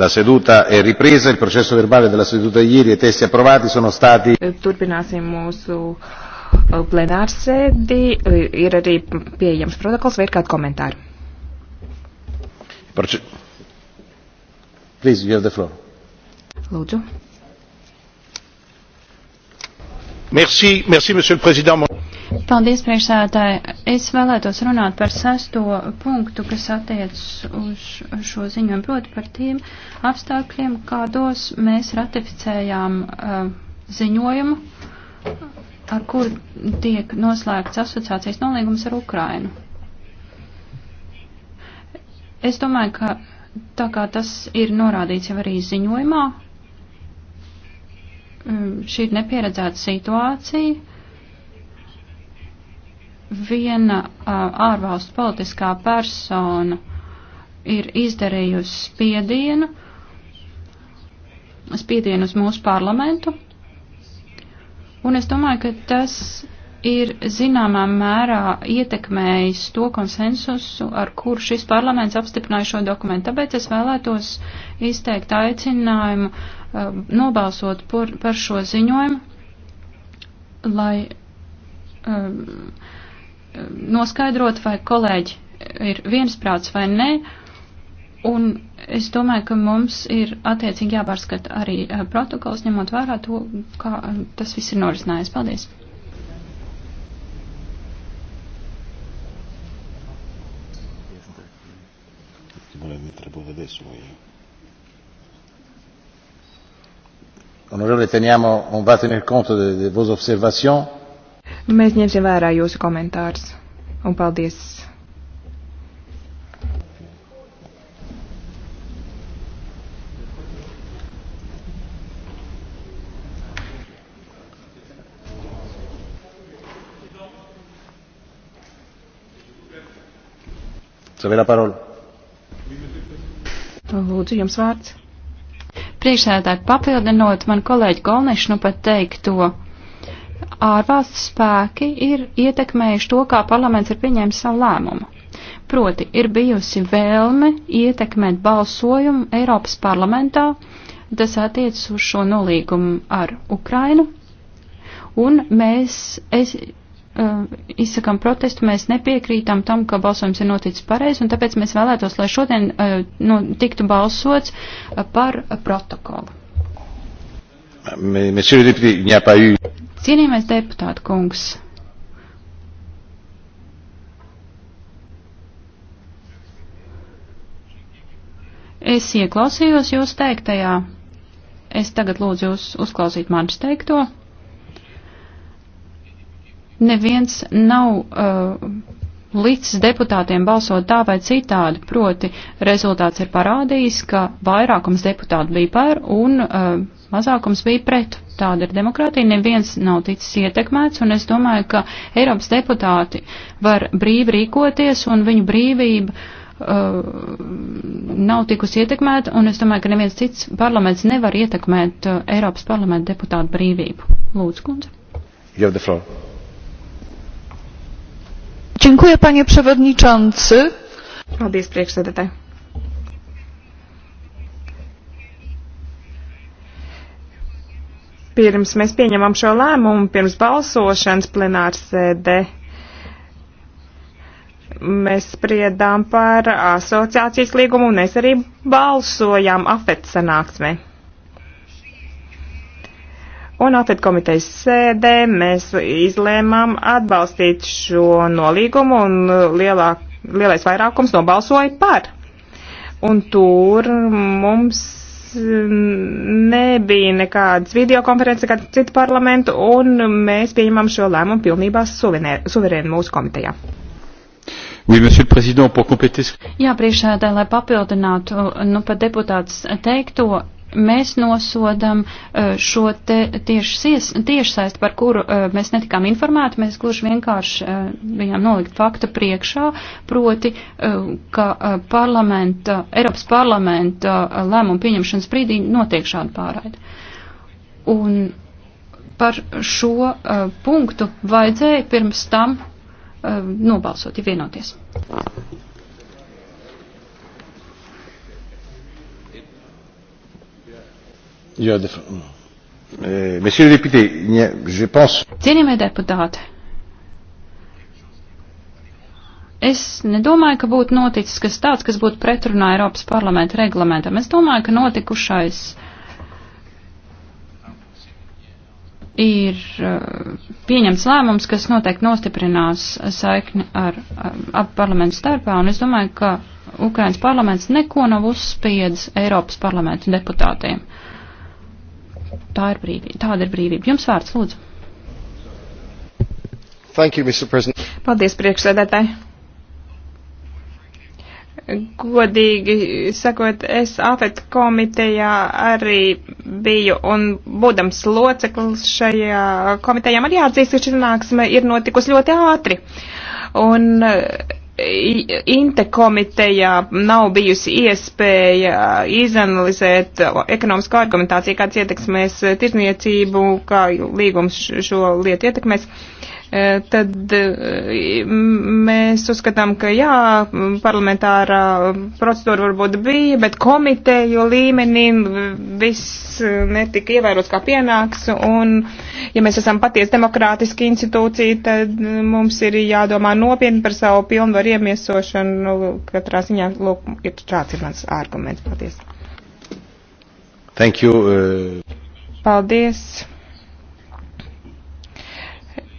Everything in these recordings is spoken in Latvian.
La seduta è ripresa, il processo verbale della seduta di ieri e i testi approvati sono stati. Eh, turpināsim mūsu eh, plenārsēdi. Eh, ir arī pieejams protokols vai ir kādi komentāri? Proce... Please, you have the floor. Lūdzu. Merci, merci, monsieur le président. Paldies, priekšsēdētāji. Es vēlētos runāt par sesto punktu, kas attiecas uz šo ziņojumu, proti par tiem apstākļiem, kādos mēs ratificējām uh, ziņojumu, ar kuru tiek noslēgts asociācijas nolīgums ar Ukrainu. Es domāju, ka tā kā tas ir norādīts jau arī ziņojumā, um, šī ir nepieredzēta situācija viena ārvalstu politiskā persona ir izdarījusi spiedienu, spiedienu uz mūsu parlamentu, un es domāju, ka tas ir zināmā mērā ietekmējis to konsensusu, ar kur šis parlaments apstiprināja šo dokumentu. Tāpēc es vēlētos izteikt aicinājumu nobalsot par, par šo ziņojumu, lai um, noskaidrot, vai kolēģi ir viensprāts vai nē. Un es domāju, ka mums ir attiecīgi jāpārskata arī protokols, ņemot vērā to, kā tas viss ir norisinājies. Paldies! Onorevole, teniamo, on va tenir compte de, de vos observations. Mēs ņemsim vērā jūsu komentārus. Un paldies! Lūdzu, jums vārds. Priekšsēdētāji papildinot man kolēģi Golnišu nu pat teikto ārvalstu spēki ir ietekmējuši to, kā parlaments ir pieņēmis savu lēmumu. Proti, ir bijusi vēlme ietekmēt balsojumu Eiropas parlamentā, tas attiecas uz šo nolīgumu ar Ukrainu, un mēs es, uh, izsakam protestu, mēs nepiekrītam tam, ka balsojums ir noticis pareizi, un tāpēc mēs vēlētos, lai šodien uh, nu, tiktu balsots uh, par protokolu. Monsieur le député, il n'y a pas eu. Cienījamais deputāta kungs. Es ieklausījos jūs teiktajā. Es tagad lūdzu jūs uzklausīt manis teikto. Neviens nav uh, licis deputātiem balsot tā vai citādi, proti rezultāts ir parādījis, ka vairākums deputātu bija par un uh, mazākums bija pret. Tāda ir demokrātija, neviens nav ticis ietekmēts, un es domāju, ka Eiropas deputāti var brīvi rīkoties, un viņu brīvība uh, nav tikusi ietekmēta, un es domāju, ka neviens cits parlaments nevar ietekmēt uh, Eiropas parlamenta deputātu brīvību. Lūdzu, kundze. Dziękuję, panie przewodniczący. Paldies, priekšsēdētāji. pirms mēs pieņemam šo lēmumu, pirms balsošanas plenārsēdē, mēs spriedām par asociācijas līgumu un mēs arī balsojām afet sanāksmē. Un afet komitejas sēdē mēs izlēmām atbalstīt šo nolīgumu un lielāk, lielais vairākums nobalsoja par. Un tur mums nebija nekādas videokonferences, kā citu parlamentu, un mēs pieņemam šo lēmumu pilnībā suverēni mūsu komitejā. Oui, monsieur le président, pour compléter ce... Jā, priekšsēdē, lai papildinātu, nu, pat deputāts teikto, mēs nosodam e, šo te tiešsaist, tieš par kuru e, mēs netikām informēti, mēs gluži vienkārši e, viņām nolikt fakta priekšā, proti, ka parlamenta, Eiropas parlamenta lēmumu pieņemšanas brīdī notiek šāda pārraida. Un par šo punktu vajadzēja pirms tam nobalsot, ja vienoties. Euh, Cienījamie deputāti, es nedomāju, ka būtu noticis kas tāds, kas būtu pretrunā Eiropas parlamenta reglamentam. Es domāju, ka notikušais ir uh, pieņemts lēmums, kas noteikti nostiprinās saikni ar, ar, uh, ar parlamentu starpā, un es domāju, ka Ukrainas parlaments neko nav uzspiedis Eiropas parlamentu deputātiem. Uh, tā ir brīvība, tāda ir brīvība. Jums vārds, lūdzu. Thank you, Mr. President. Paldies, priekšsēdētāji. Godīgi sakot, es AFET komitejā arī biju un būdams loceklis šajā komitejā man jāatzīst, ka šī nāksme ir notikusi ļoti ātri. Un uh, Inte komitejā nav bijusi iespēja izanalizēt ekonomisko argumentāciju, kāds ietekmēs tirzniecību, kā līgums šo lietu ietekmēs. Uh, E, tad e, mēs uzskatām, ka jā, parlamentārā procedūra varbūt bija, bet komiteju līmenī viss e, netika ievērots kā pienāks, un ja mēs esam patiesi demokrātiski institūcija, tad mums ir jādomā nopietni par savu pilnvaru iemiesošanu, nu, katrā ziņā, lūk, ir šāds ir mans arguments, paldies. Thank you. Uh... Paldies.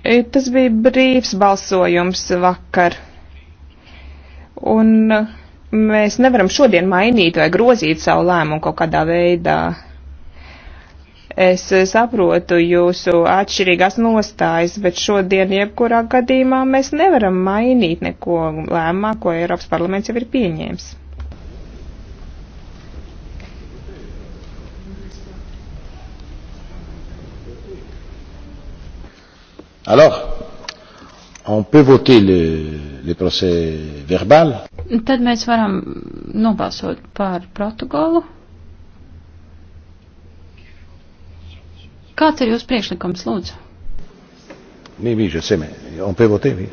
E, tas bija brīvs balsojums vakar. Un e, mēs nevaram šodien mainīt vai grozīt savu lēmumu kaut kādā veidā. Es e, saprotu jūsu atšķirīgās nostājas, bet šodien jebkurā gadījumā mēs nevaram mainīt neko lēmumā, ko Eiropas parlaments jau ir pieņēmis. Alors, on peut voter le, le procès verbal. Tad mēs varam nobalsot par protokolu. Kāds ir jūsu priekšlikums, lūdzu? Oui, oui, je sais, mais on peut voter, oui.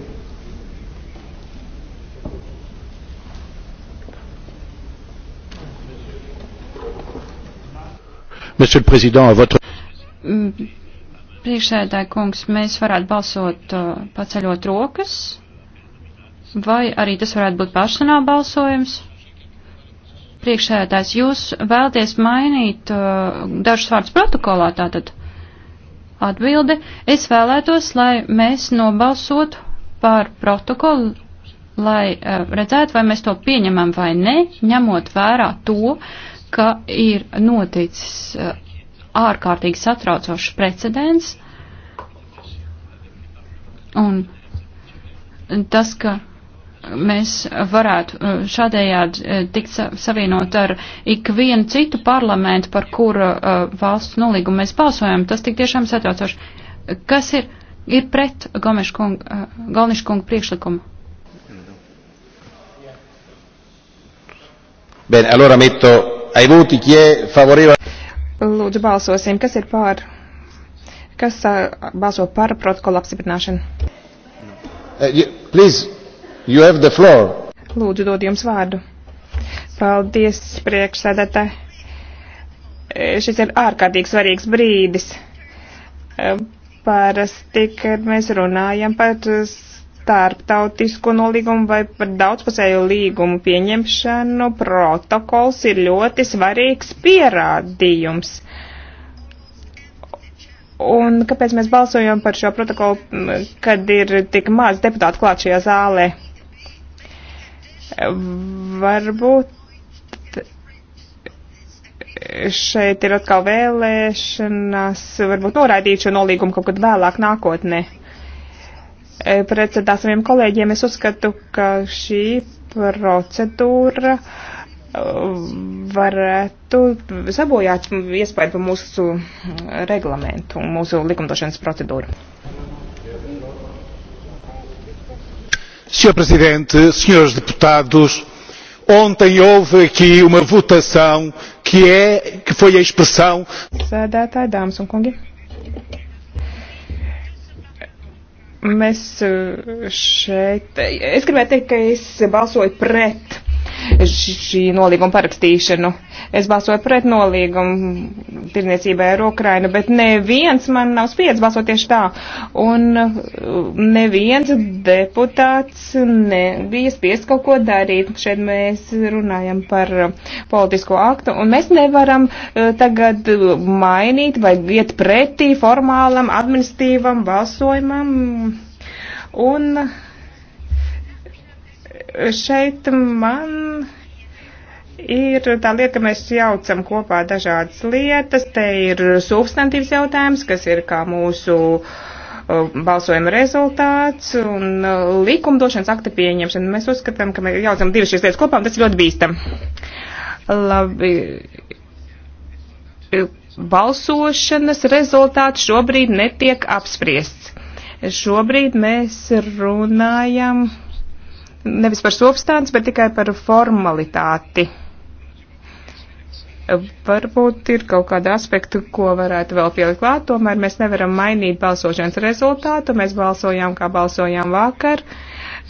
Monsieur le Président, à votre. Mm. Priekšsēdētāji kungs, mēs varētu balsot uh, paceļot rokas, vai arī tas varētu būt personāla balsojums. Priekšsēdētājs, jūs vēlties mainīt uh, dažus vārdus protokolā tātad? Atbildi, es vēlētos, lai mēs nobalsotu par protokolu lai uh, redzētu, vai mēs to pieņemam vai ne, ņemot vērā to, ka ir noticis uh, ārkārtīgi satraucošs precedents. Un tas, ka mēs varētu uh, šādējādi uh, tikt savienot ar ikvienu citu parlamentu, par kuru uh, valsts nolīgumu mēs balsojam, tas tik tiešām satraucoši. Kas ir, ir pret Galniša kunga priekšlikumu? Bene, allora metto ai voti chi è favorevole. Lūdzu, balsosim, kas ir pār, kas uh, balso par protokola apstiprināšanu. Uh, you, please, you have the floor. Lūdzu, dod jums vārdu. Paldies, priekšsēdētāji. Eh, šis ir ārkārtīgi svarīgs brīdis. Eh, Parasti, kad mēs runājam par starptautisko nolīgumu vai par daudzpusēju līgumu pieņemšanu, protokols ir ļoti svarīgs pierādījums. Un kāpēc mēs balsojam par šo protokolu, kad ir tik maz deputātu klāt šajā zālē? Varbūt šeit ir atkal vēlēšanas, varbūt noraidīt šo nolīgumu kaut kad vēlāk nākotnē. E, pret saviem kolēģiem. Es uzskatu, ka šī procedūra e, varētu sabojāt iespēju par mūsu reglamentu un mūsu likumdošanas procedūru. Sr. Presidente, senhores deputados, ontem houve aqui uma votação que é que foi a expressão Sēdētāji, dāmas un kungi. Mēs eh, šeit, es gribēju teikt, ka es balsoju pret šī nolīguma parakstīšanu. Es balsoju pret nolīgumu tirniecībai ar Ukrainu, bet neviens man nav spiedz balsot tieši tā. Un uh, neviens deputāts nebija spiest kaut ko darīt. Šeit mēs runājam par uh, politisko aktu, un mēs nevaram uh, tagad mainīt vai iet pretī formālam administratīvam balsojumam. Un šeit man ir tā lieta, ka mēs jaucam kopā dažādas lietas. Te ir substantīvs jautājums, kas ir kā mūsu um, balsojuma rezultāts un uh, likumdošanas akta pieņemšana. Mēs uzskatām, ka mēs jaucam divas šīs lietas kopā, un tas ir ļoti bīstam. Labi. Balsošanas rezultāts šobrīd netiek apspriests. Šobrīd mēs runājam nevis par substanci, bet tikai par formalitāti. Varbūt ir kaut kāda aspekta, ko varētu vēl pielikt klāt, tomēr mēs nevaram mainīt balsošanas rezultātu. Mēs balsojām, kā balsojām vakar.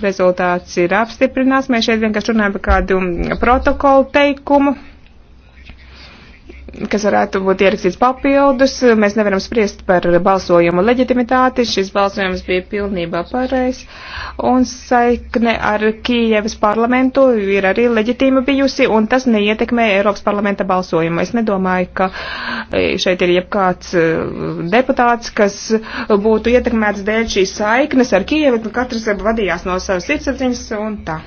Rezultāts ir apstiprināts. Mēs šeit vienkārši runājam par kādu protokolu teikumu kas varētu būt ierakstīts papildus. Mēs nevaram spriest par balsojumu leģitimitāti. Šis balsojums bija pilnībā pareizs. Un saikne ar Kijevas parlamentu ir arī leģitīma bijusi, un tas neietekmē Eiropas parlamenta balsojumu. Es nedomāju, ka e, šeit ir jebkāds e, deputāts, kas būtu ietekmēts dēļ šīs saiknes ar Kijevu. Katrs vadījās no savas sirdsapziņas un tā.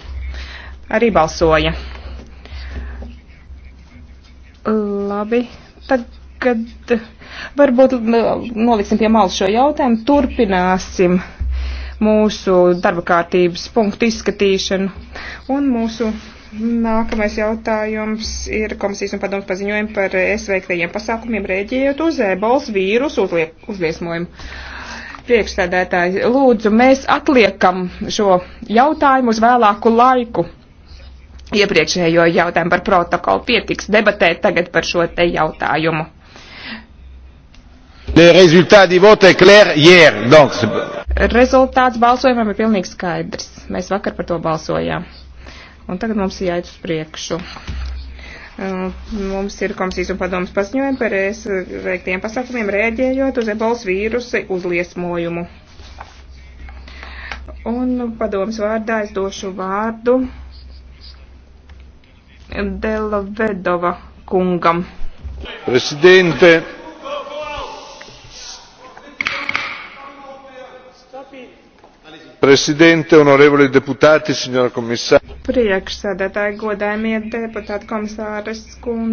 Arī balsoja. Labi, tagad varbūt nu, noliksim pie malas šo jautājumu, turpināsim mūsu darba kārtības punktu izskatīšanu. Un mūsu nākamais jautājums ir komisijas un padomus paziņojumi par es veiktajiem pasākumiem rēģējot uz ebols vīrusu uzliesmojumu. Priekšstādētāji, lūdzu, mēs atliekam šo jautājumu uz vēlāku laiku iepriekšējo jautājumu par protokolu. Pietiks debatēt tagad par šo te jautājumu. Hier, donc... Rezultāts balsojumam ir pilnīgi skaidrs. Mēs vakar par to balsojām. Un tagad mums ir jāiet uz priekšu. Uh, mums ir komisijas un padomas paziņojumi par es veiktiem pasākumiem rēģējot uz ebols vīrusa uzliesmojumu. Un padomas vārdā es došu vārdu Dela Vedova kungam. Presidente. Presidente, onorevoli deputāti, signora komisāra. Priekšsēdētāji, godājumie deputāti, komisāras kundze.